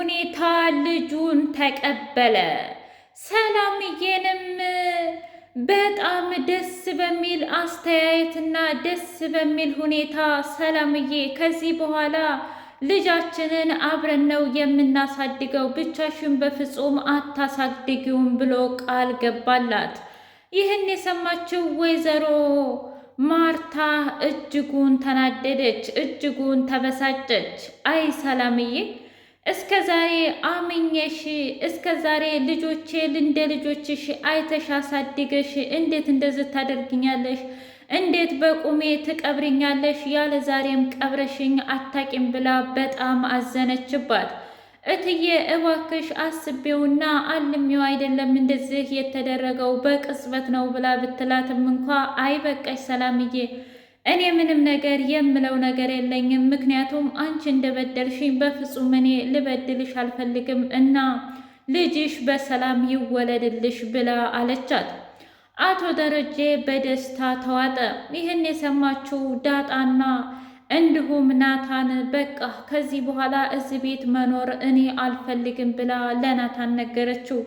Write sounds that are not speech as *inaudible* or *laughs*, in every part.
ሁኔታ ልጁን ተቀበለ። ሰላምዬንም በጣም ደስ በሚል አስተያየትና ደስ በሚል ሁኔታ ሰላምዬ ከዚህ በኋላ ልጃችንን አብረን ነው የምናሳድገው፣ ብቻሽን በፍጹም አታሳድጊውም ብሎ ቃል ገባላት። ይህን የሰማችው ወይዘሮ ማርታ እጅጉን ተናደደች፣ እጅጉን ተበሳጨች። አይ ሰላምዬ እስከ ዛሬ አምኜሽ እስከ ዛሬ ልጆቼ እንደ ልጆችሽ አይተሽ አሳድገሽ እንዴት እንደዚህ ታደርግኛለሽ? እንዴት በቁሜ ትቀብርኛለሽ? ያለ ዛሬም ቀብረሽኝ አታቂም ብላ በጣም አዘነችባት። እትዬ እባክሽ አስቤውና አልሜው አይደለም እንደዚህ የተደረገው በቅጽበት ነው ብላ ብትላትም እንኳ አይበቃሽ ሰላምዬ እኔ ምንም ነገር የምለው ነገር የለኝም፣ ምክንያቱም አንቺ እንደበደልሽኝ በፍጹም እኔ ልበድልሽ አልፈልግም እና ልጅሽ በሰላም ይወለድልሽ ብላ አለቻት። አቶ ደረጀ በደስታ ተዋጠ። ይህን የሰማችው ዳጣና እንዲሁም ናታን በቃ ከዚህ በኋላ እዚህ ቤት መኖር እኔ አልፈልግም ብላ ለናታን ነገረችው።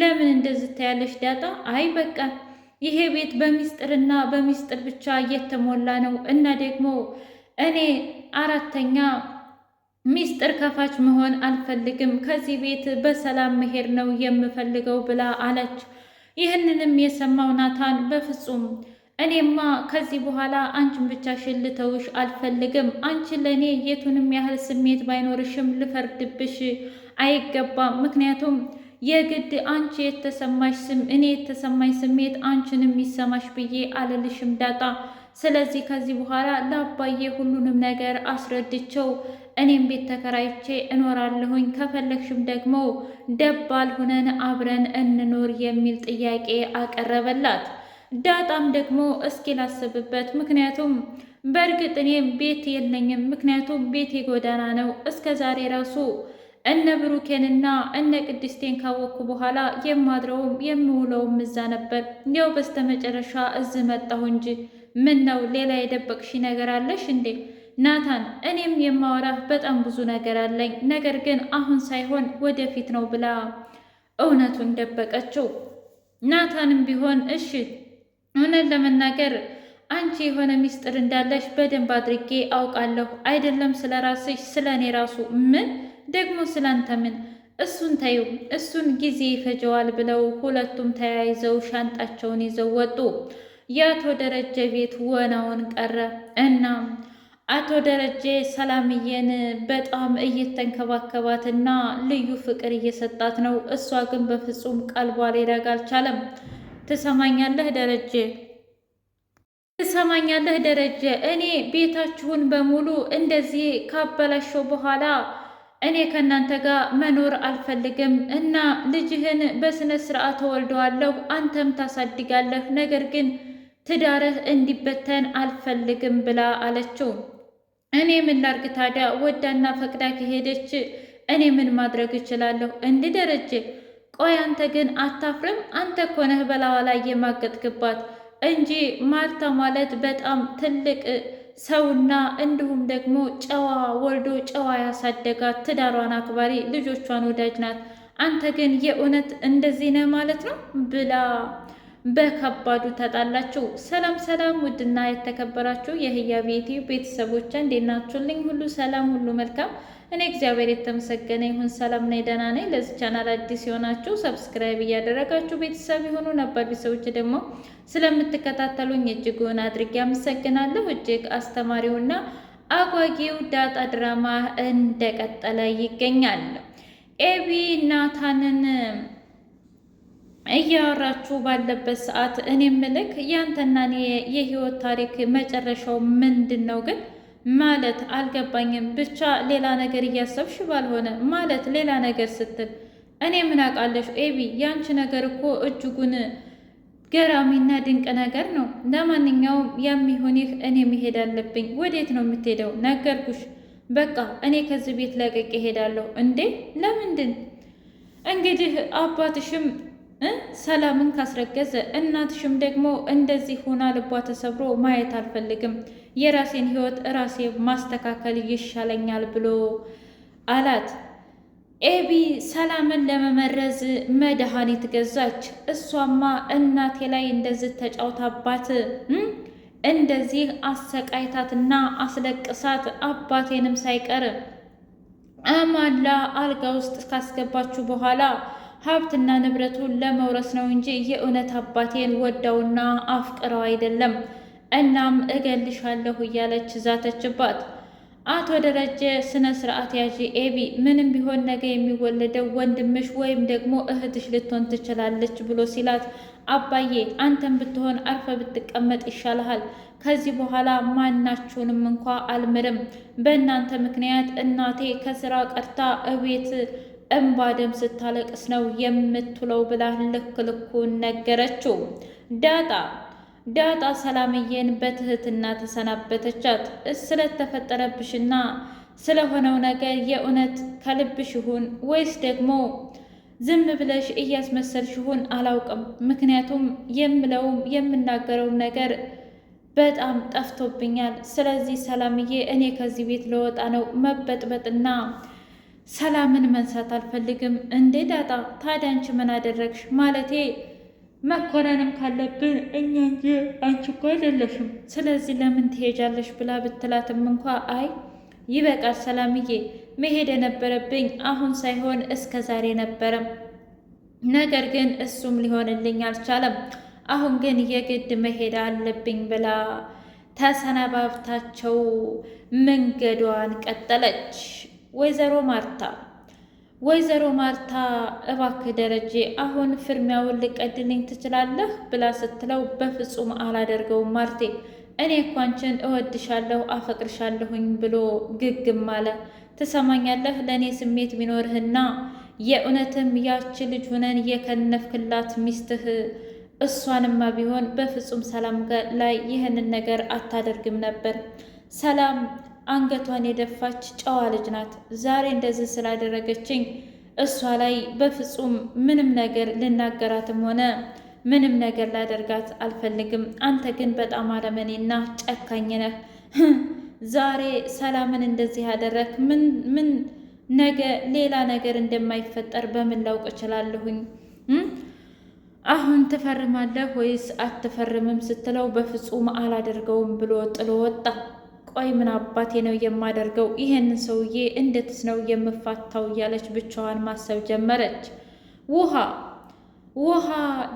ለምን እንደዚህ ታያለሽ ዳጣ? አይ በቃ ይሄ ቤት በሚስጥርና በሚስጥር ብቻ እየተሞላ ነው እና ደግሞ እኔ አራተኛ ሚስጥር ከፋች መሆን አልፈልግም። ከዚህ ቤት በሰላም መሄድ ነው የምፈልገው ብላ አለች። ይህንንም የሰማው ናታን በፍጹም እኔማ ከዚህ በኋላ አንቺን ብቻ ሽልተውሽ አልፈልግም። አንቺ ለእኔ የቱንም ያህል ስሜት ባይኖርሽም ልፈርድብሽ አይገባም። ምክንያቱም የግድ አንቺ የተሰማሽ ስም እኔ የተሰማኝ ስሜት አንቺን የሚሰማሽ ብዬ አልልሽም ዳጣ። ስለዚህ ከዚህ በኋላ ለአባዬ ሁሉንም ነገር አስረድቸው እኔም ቤት ተከራይቼ እኖራለሁኝ ከፈለግሽም ደግሞ ደባል ሁነን አብረን እንኖር የሚል ጥያቄ አቀረበላት። ዳጣም ደግሞ እስኪ ላስብበት፣ ምክንያቱም በእርግጥ እኔም ቤት የለኝም፣ ምክንያቱም ቤት የጎዳና ነው እስከ ዛሬ ራሱ እነ ብሩኬንና እነ ቅድስቴን ካወቅኩ በኋላ የማድረውም የምውለውም እዛ ነበር። እንዲያው በስተመጨረሻ እዚህ መጣሁ እንጂ ምን ነው ሌላ የደበቅሽ ነገር አለሽ እንዴ? ናታን እኔም የማወራህ በጣም ብዙ ነገር አለኝ፣ ነገር ግን አሁን ሳይሆን ወደፊት ነው ብላ እውነቱን ደበቀችው። ናታንም ቢሆን እሺ እውነት ለመናገር አንቺ የሆነ ሚስጥር እንዳለሽ በደንብ አድርጌ አውቃለሁ። አይደለም ስለ ራስሽ ስለ እኔ ራሱ ምን ደግሞ ስላንተ ምን እሱን ታዩ እሱን ጊዜ ይፈጀዋል ብለው ሁለቱም ተያይዘው ሻንጣቸውን ይዘው ወጡ። የአቶ ደረጀ ቤት ወናውን ቀረ እና አቶ ደረጀ ሰላምዬን በጣም እየተንከባከባትና ልዩ ፍቅር እየሰጣት ነው። እሷ ግን በፍጹም ቀልቧ ሊረጋ አልቻለም። ትሰማኛለህ ደረጀ ትሰማኛለህ ደረጀ እኔ ቤታችሁን በሙሉ እንደዚህ ካበላሸው በኋላ እኔ ከእናንተ ጋር መኖር አልፈልግም እና ልጅህን በስነ ስርዓት ተወልደዋለሁ፣ አንተም ታሳድጋለህ። ነገር ግን ትዳርህ እንዲበተን አልፈልግም ብላ አለችው። እኔ ምን ላርግ ታዲያ? ወዳና ፈቅዳ ከሄደች እኔ ምን ማድረግ እችላለሁ? እንዲህ ደረጀ፣ ቆይ አንተ ግን አታፍርም? አንተ እኮ ነህ በላዋ ላይ የማገጥክባት እንጂ ማርታ ማለት በጣም ትልቅ ሰውና እንዲሁም ደግሞ ጨዋ ወልዶ ጨዋ ያሳደጋት ትዳሯን አክባሪ ልጆቿን ወዳጅ ናት። አንተ ግን የእውነት እንደዚህ ነህ ማለት ነው ብላ በከባዱ ተጣላችሁ። ሰላም ሰላም! ውድና የተከበራችሁ የህያ ቤቴ ቤተሰቦች እንዴት ናችሁልኝ? ሁሉ ሰላም፣ ሁሉ መልካም እኔ እግዚአብሔር የተመሰገነ ይሁን ሰላም ነኝ፣ ደህና ነኝ። ለዚህ ቻናል አዲስ የሆናችሁ ሰብስክራይብ እያደረጋችሁ ቤተሰብ የሆኑ ነባር ቤተሰቦች ደግሞ ስለምትከታተሉኝ እጅጉን አድርጌ አመሰግናለሁ። እጅግ አስተማሪውና አጓጊው ዳጣ ድራማ እንደቀጠለ ይገኛል። ኤቢ ናታንን እያወራችሁ ባለበት ሰዓት እኔ ምልክ ያንተና የህይወት ታሪክ መጨረሻው ምንድን ነው ግን ማለት አልገባኝም። ብቻ ሌላ ነገር እያሰብሽ ባልሆነ ማለት ሌላ ነገር ስትል እኔ ምን አውቃለሽ ኤቢ፣ ያንቺ ነገር እኮ እጅጉን ገራሚና ድንቅ ነገር ነው። ለማንኛውም ይህ እኔ መሄድ አለብኝ። ወዴት ነው የምትሄደው? ነገርኩሽ። በቃ እኔ ከዚህ ቤት ለቅቄ እሄዳለሁ። እንዴ ለምንድን? እንግዲህ አባትሽም ሰላምን ካስረገዘ እናትሽም ደግሞ እንደዚህ ሆና ልቧ ተሰብሮ ማየት አልፈልግም፣ የራሴን ሕይወት ራሴ ማስተካከል ይሻለኛል ብሎ አላት። ኤቢ ሰላምን ለመመረዝ መድኃኒት ገዛች። እሷማ እናቴ ላይ እንደዚህ ተጫውታባት እንደዚህ አሰቃይታትና አስለቅሳት አባቴንም ሳይቀር አማላ አልጋ ውስጥ ካስገባችሁ በኋላ ሀብትና ንብረቱን ለመውረስ ነው እንጂ የእውነት አባቴን ወዳውና አፍቅረው አይደለም። እናም እገልሻለሁ እያለች ዛተችባት። አቶ ደረጀ ስነ ስርዓት ያዥ ኤቢ፣ ምንም ቢሆን ነገ የሚወለደው ወንድምሽ ወይም ደግሞ እህትሽ ልትሆን ትችላለች ብሎ ሲላት፣ አባዬ አንተን ብትሆን አርፈ ብትቀመጥ ይሻልሃል። ከዚህ በኋላ ማናችሁንም እንኳ አልምርም። በእናንተ ምክንያት እናቴ ከስራ ቀርታ እቤት እምባ ደም ስታለቅስ ነው የምትውለው ብላ ልክ ልኩን ነገረችው። ዳጣ ዳጣ ሰላምዬን በትህትና ተሰናበተቻት። ስለተፈጠረብሽና ስለሆነው ነገር የእውነት ከልብሽ ይሁን ወይስ ደግሞ ዝም ብለሽ እያስመሰልሽ ይሁን አላውቅም። ምክንያቱም የምለውም የምናገረው ነገር በጣም ጠፍቶብኛል። ስለዚህ ሰላምዬ፣ እኔ ከዚህ ቤት ለወጣ ነው መበጥበጥና ሰላምን መንሳት አልፈልግም። እንዴ ዳጣ ታዲያ አንቺ ምን አደረግሽ? ማለቴ መኮነንም ካለብን እኛ እንጂ አንቺ እኮ አይደለሽም። ስለዚህ ለምን ትሄጃለሽ ብላ ብትላትም እንኳ አይ ይበቃል ሰላምዬ፣ መሄድ የነበረብኝ አሁን ሳይሆን እስከ ዛሬ ነበረም። ነገር ግን እሱም ሊሆንልኝ አልቻለም። አሁን ግን የግድ መሄድ አለብኝ ብላ ተሰናባብታቸው መንገዷን ቀጠለች። ወይዘሮ ማርታ ወይዘሮ ማርታ እባክህ ደረጀ አሁን ፍርሚያውን ልቀድልኝ ትችላለህ? ብላ ስትለው በፍጹም አላደርገውም ማርቴ፣ እኔ እኮ አንቺን እወድሻለሁ አፈቅርሻለሁኝ ብሎ ግግም አለ። ትሰማኛለህ? ለእኔ ስሜት ቢኖርህና የእውነትም ያቺ ልጅ ሆነን የከነፍክላት ሚስትህ እሷንማ ቢሆን በፍጹም ሰላም ላይ ይህንን ነገር አታደርግም ነበር። ሰላም አንገቷን የደፋች ጨዋ ልጅ ናት። ዛሬ እንደዚህ ስላደረገችኝ እሷ ላይ በፍጹም ምንም ነገር ልናገራትም ሆነ ምንም ነገር ላደርጋት አልፈልግም። አንተ ግን በጣም አረመኔና ጨካኝ ነህ። *laughs* ዛሬ ሰላምን እንደዚህ ያደረግ ምን ምን ነገ ሌላ ነገር እንደማይፈጠር በምን ላውቅ እችላለሁኝ? አሁን ትፈርማለህ ወይስ አትፈርምም ስትለው በፍጹም አላደርገውም ብሎ ጥሎ ወጣ። ቆይ ምን አባቴ ነው የማደርገው? ይሄንን ሰውዬ እንዴትስ ነው የምፋታው? እያለች ብቻዋን ማሰብ ጀመረች። ውሃ ውሃ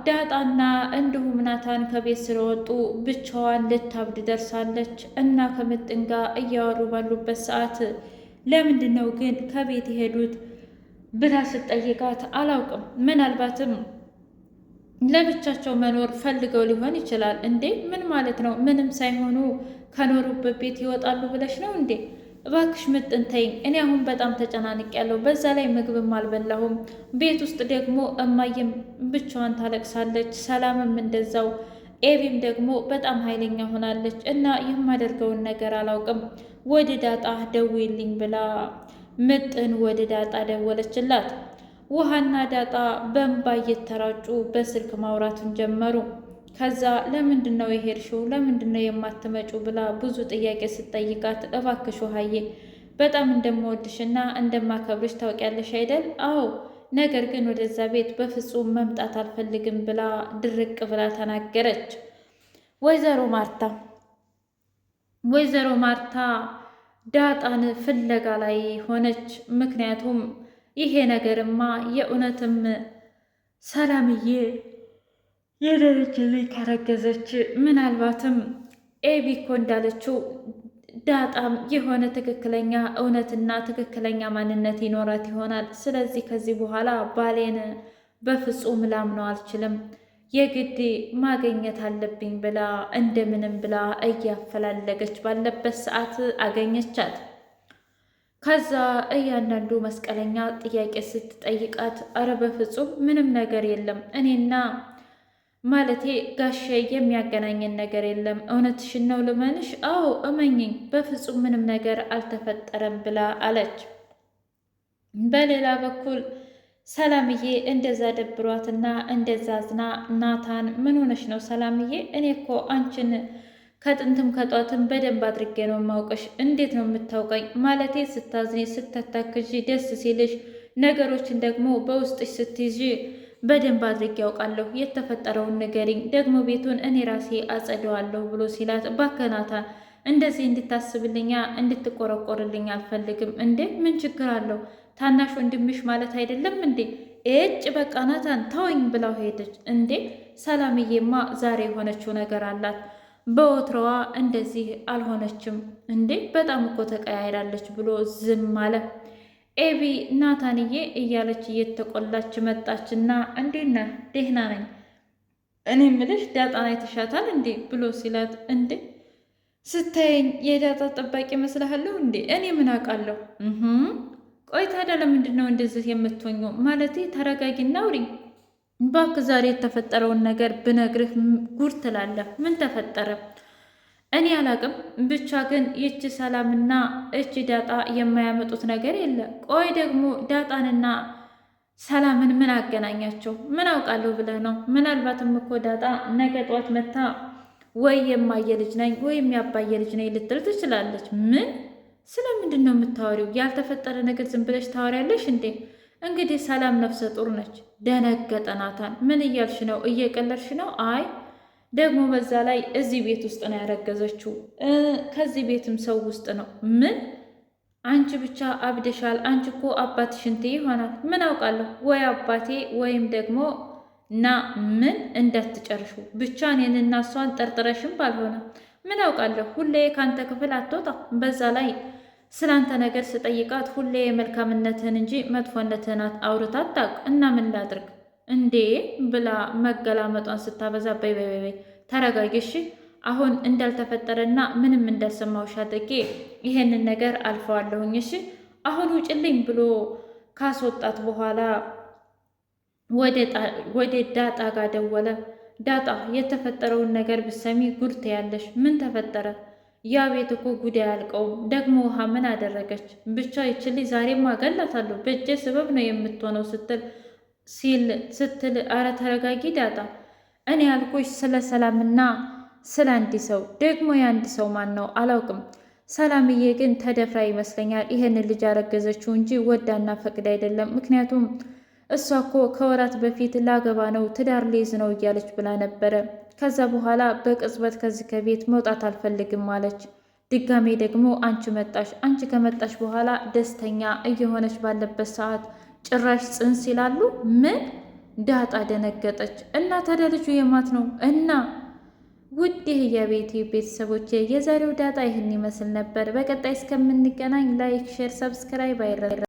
ዳጣና እንዲሁም ናታን ከቤት ስለወጡ ብቻዋን ልታብድ ደርሳለች እና ከምጥን ጋር እያወሩ ባሉበት ሰዓት ለምንድን ነው ግን ከቤት የሄዱት ብላ ስትጠይቃት አላውቅም፣ ምናልባትም ለብቻቸው መኖር ፈልገው ሊሆን ይችላል። እንዴ ምን ማለት ነው? ምንም ሳይሆኑ ከኖሩበት ቤት ይወጣሉ ብለሽ ነው እንዴ? እባክሽ ምጥን ተይኝ። እኔ አሁን በጣም ተጨናንቅ ያለው በዛ ላይ ምግብም አልበላሁም። ቤት ውስጥ ደግሞ እማየም ብቻዋን ታለቅሳለች፣ ሰላምም እንደዛው፣ ኤቪም ደግሞ በጣም ኃይለኛ ሆናለች እና የማደርገውን ነገር አላውቅም። ወደ ዳጣ ደውልኝ ብላ ምጥን ወደ ዳጣ ደወለችላት። ውሃና ዳጣ በእንባ እየተራጩ በስልክ ማውራትን ጀመሩ። ከዛ ለምንድን ነው የሄድሽው? ለምንድን ነው የማትመጪው? ብላ ብዙ ጥያቄ ስትጠይቃት እባክሽ ውሃዬ በጣም እንደምወድሽና እንደማከብርሽ ታውቂያለሽ አይደል? አዎ ነገር ግን ወደዛ ቤት በፍጹም መምጣት አልፈልግም ብላ ድርቅ ብላ ተናገረች። ወይዘሮ ማርታ ወይዘሮ ማርታ ዳጣን ፍለጋ ላይ ሆነች። ምክንያቱም ይሄ ነገርማ የእውነትም ሰላምዬ የደረጀ ልጅ ካረገዘች ምናልባትም ኤቢ እኮ እንዳለችው ዳጣም የሆነ ትክክለኛ እውነትና ትክክለኛ ማንነት ይኖራት ይሆናል። ስለዚህ ከዚህ በኋላ ባሌን በፍጹም ላምነው አልችልም፣ የግድ ማገኘት አለብኝ ብላ እንደምንም ብላ እያፈላለገች ባለበት ሰዓት አገኘቻት። ከዛ እያንዳንዱ መስቀለኛ ጥያቄ ስትጠይቃት፣ አረ በፍጹም ምንም ነገር የለም እኔና ማለቴ ጋሼ የሚያገናኝን ነገር የለም። እውነትሽን ነው ልመንሽ? አዎ እመኝኝ፣ በፍጹም ምንም ነገር አልተፈጠረም ብላ አለች። በሌላ በኩል ሰላምዬ እንደዛ ደብሯትና እንደዛ አዝና፣ ናታን ምን ሆነሽ ነው ሰላምዬ? እኔ እኮ አንቺን ከጥንትም ከጧትም በደንብ አድርጌ ነው የማውቀሽ። እንዴት ነው የምታውቀኝ? ማለቴ ስታዝኔ፣ ስተታክዥ፣ ደስ ሲልሽ ነገሮችን ደግሞ በውስጥሽ ስትይዥ በደንብ አድርጌ ያውቃለሁ። የተፈጠረውን ንገሪኝ፣ ደግሞ ቤቱን እኔ ራሴ አጸደዋለሁ ብሎ ሲላት ባከናታ እንደዚህ እንድታስብልኛ እንድትቆረቆርልኝ አልፈልግም። እንዴ ምን ችግር አለው? ታናሽ ወንድምሽ ማለት አይደለም እንዴ? እጭ በቃ ናታን ታወኝ ብላው ሄደች። እንዴ ሰላምዬማ ዛሬ የሆነችው ነገር አላት። በወትሮዋ እንደዚህ አልሆነችም። እንዴ በጣም እኮ ተቀያይራለች ብሎ ዝም አለ። ኤቢ ናታንዬ እያለች እየተቆላች መጣችና እንዴት እንዴና ደህና ነኝ። እኔ ምልሽ ዳጣን አይተሻታል እንዴ ብሎ ሲላት፣ እንዴ ስታየኝ የዳጣ ጠባቂ መስልሃለሁ እንዴ? እኔ ምን አውቃለሁ? ቆይ ታዲያ ለምንድን ነው እንደዚህ የምትሆኘው? ማለቴ ተረጋጊና ውሪ ባክ። ዛሬ የተፈጠረውን ነገር ብነግርህ ጉር ትላለህ። ምን ተፈጠረ? እኔ አላቅም። ብቻ ግን ይቺ ሰላምና እቺ ዳጣ የማያመጡት ነገር የለም። ቆይ ደግሞ ዳጣንና ሰላምን ምን አገናኛቸው? ምን አውቃለሁ ብለህ ነው? ምናልባትም እኮ ዳጣ ነገ ጠዋት መታ ወይ የማየ ልጅ ነኝ ወይም ያባየ ልጅ ነኝ ልትል ትችላለች። ምን? ስለምንድን ነው የምታወሪው? ያልተፈጠረ ነገር ዝም ብለሽ ታወሪያለሽ እንዴ? እንግዲህ ሰላም ነፍሰ ጡር ነች። ደነገጠ ናታን። ምን እያልሽ ነው? እየቀለድሽ ነው? አይ ደግሞ በዛ ላይ እዚህ ቤት ውስጥ ነው ያረገዘችው። ከዚህ ቤትም ሰው ውስጥ ነው። ምን አንቺ ብቻ አብደሻል። አንቺ እኮ አባት እንትን ይሆናል። ምን አውቃለሁ ወይ አባቴ ወይም ደግሞ ና ምን እንዳትጨርሹ ብቻ እኔን እና እሷን ጠርጥረሽም ባልሆነ ምን አውቃለሁ። ሁሌ ከአንተ ክፍል አትወጣ። በዛ ላይ ስላንተ ነገር ስጠይቃት ሁሌ የመልካምነትህን እንጂ መጥፎነትህን አውርታ አታውቅ እና ምን ላድርግ እንዴ ብላ መገላመጧን ስታበዛ በይ ተረጋጊሽ አሁን እንዳልተፈጠረና ምንም እንዳልሰማውሽ አድርጌ ይሄንን ነገር አልፈዋለሁኝ። እሺ አሁን ውጭልኝ ብሎ ካስወጣት በኋላ ወደ ዳጣ ጋር ደወለ። ዳጣ የተፈጠረውን ነገር ብሰሚ ጉድ ትያለሽ። ምን ተፈጠረ? ያ ቤት እኮ ጉዳይ አያልቀውም። ደግሞ ውሃ ምን አደረገች? ብቻ ይችልኝ ዛሬም አገላታለሁ በእጄ ስበብ ነው የምትሆነው ስትል ሲል ስትል አረ ተረጋጊ ዳጣ፣ እኔ ያልኩሽ ስለ ሰላምና ስለ አንድ ሰው ደግሞ የአንድ ሰው ማን ነው አላውቅም። ሰላምዬ ግን ተደፍራ ይመስለኛል ይህንን ልጅ ያረገዘችው እንጂ ወዳና ፈቅድ አይደለም። ምክንያቱም እሷ እኮ ከወራት በፊት ላገባ ነው ትዳር ሊይዝ ነው እያለች ብላ ነበረ። ከዛ በኋላ በቅጽበት ከዚህ ከቤት መውጣት አልፈልግም አለች። ድጋሜ ደግሞ አንቺ መጣሽ። አንቺ ከመጣሽ በኋላ ደስተኛ እየሆነች ባለበት ሰዓት ጭራሽ ጽንስ ይላሉ። ምን ዳጣ ደነገጠች። እና ታዲያ ልጁ የማት ነው እና ውድ የቤቴ ቤተሰቦች የዛሬው ዳጣ ይህን ይመስል ነበር። በቀጣይ እስከምንገናኝ ላይክ፣ ሼር፣ ሰብስክራይብ አይረ